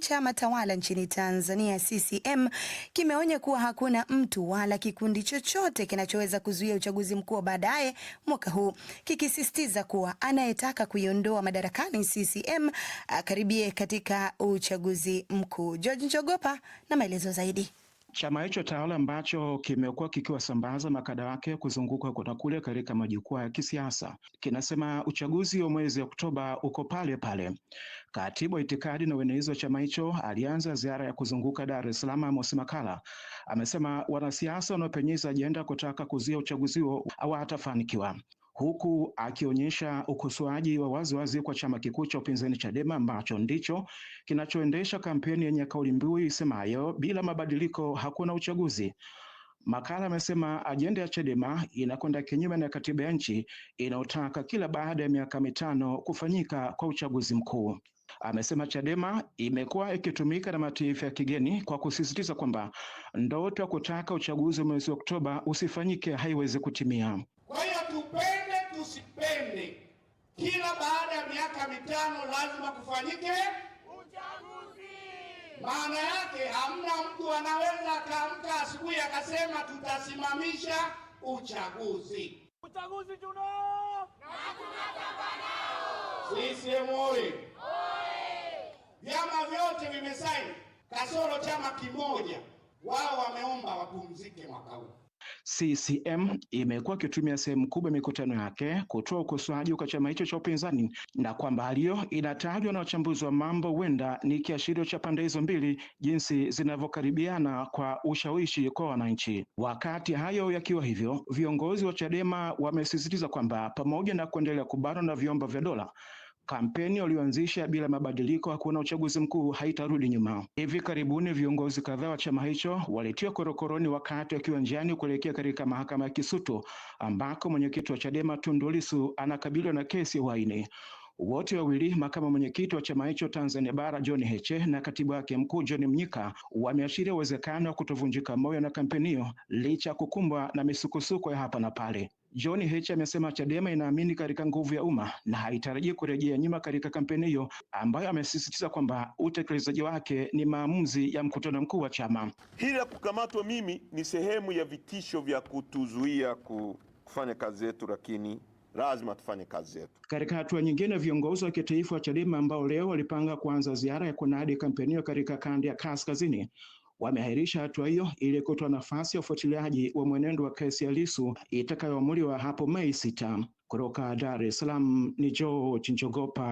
Chama tawala nchini Tanzania CCM kimeonya kuwa hakuna mtu wala kikundi chochote kinachoweza kuzuia uchaguzi mkuu wa baadaye mwaka huu, kikisisitiza kuwa anayetaka kuiondoa madarakani CCM akaribie katika uchaguzi mkuu. George Njogopa na maelezo zaidi. Chama hicho tawala ambacho kimekuwa kikiwasambaza makada wake kuzunguka kuna kule katika majukwaa ya kisiasa kinasema uchaguzi wa mwezi Oktoba uko pale pale. Katibu wa itikadi na uenezi wa chama hicho alianza ziara ya kuzunguka Dar es Salaam, Amos makala amesema wanasiasa wanaopenyeza ajenda kutaka kuzuia uchaguzi huo hawatafanikiwa huku akionyesha ukosoaji wa waziwazi kwa chama kikuu cha upinzani Chadema ambacho ndicho kinachoendesha kampeni yenye kauli mbiu isemayo bila mabadiliko hakuna uchaguzi. Makala amesema ajenda ya Chadema inakwenda kinyume na katiba ya nchi inayotaka kila baada ya miaka mitano kufanyika kwa uchaguzi mkuu. Amesema Chadema imekuwa ikitumika na mataifa ya kigeni kwa kusisitiza kwamba ndoto ya kutaka uchaguzi wa mwezi Oktoba usifanyike haiwezi kutimia. Kwa hiyo tupende msipende, kila baada ya miaka mitano lazima kufanyike uchaguzi. Maana yake hamna mtu anaweza akaamka asubuhi akasema tutasimamisha uchaguzi. Uchaguzi tunao CCM oye! Vyama vyote vimesaini kasoro chama kimoja wao wameomba wapumzike mwaka huu. CCM imekuwa ikitumia sehemu kubwa ya mikutano yake kutoa ukosoaji kwa chama hicho cha upinzani na kwamba hali hiyo inatajwa na wachambuzi wa mambo huenda ni kiashirio cha pande hizo mbili jinsi zinavyokaribiana kwa ushawishi kwa wananchi. Wakati hayo yakiwa hivyo, viongozi wa Chadema wamesisitiza kwamba pamoja na kuendelea kubanwa na vyombo vya dola Kampeni walioanzisha bila mabadiliko hakuna uchaguzi mkuu haitarudi nyuma. Hivi karibuni viongozi kadhaa wa chama hicho walitiwa korokoroni wakati wakiwa njiani kuelekea katika mahakama ya Kisutu ambako mwenyekiti wa Chadema Tundu Lissu anakabiliwa na kesi ya uhaini. Wote wawili makamu mwenyekiti wa chama hicho Tanzania Bara John Heche na katibu wake mkuu John Mnyika wameashiria uwezekano wa kutovunjika moyo na kampeni hiyo licha ya kukumbwa na misukosuko ya hapa na pale. John Heche amesema Chadema inaamini katika nguvu ya umma na haitarajii kurejea nyuma katika kampeni hiyo ambayo amesisitiza kwamba utekelezaji wake ni maamuzi ya mkutano mkuu wa chama. Hili la kukamatwa mimi ni sehemu ya vitisho vya kutuzuia kufanya kazi yetu, lakini lazima tufanye kazi yetu. Katika hatua nyingine, viongozi wa kitaifa wa Chadema ambao leo walipanga kuanza ziara ya kunadi kampeni hiyo katika kanda ya kaskazini wameahirisha hatua hiyo ili kutoa nafasi ya ufuatiliaji wa mwenendo wa kesi ya Lissu itakayoamuliwa hapo Mei sita. Kutoka Dar es Salaam ni George Njogopa.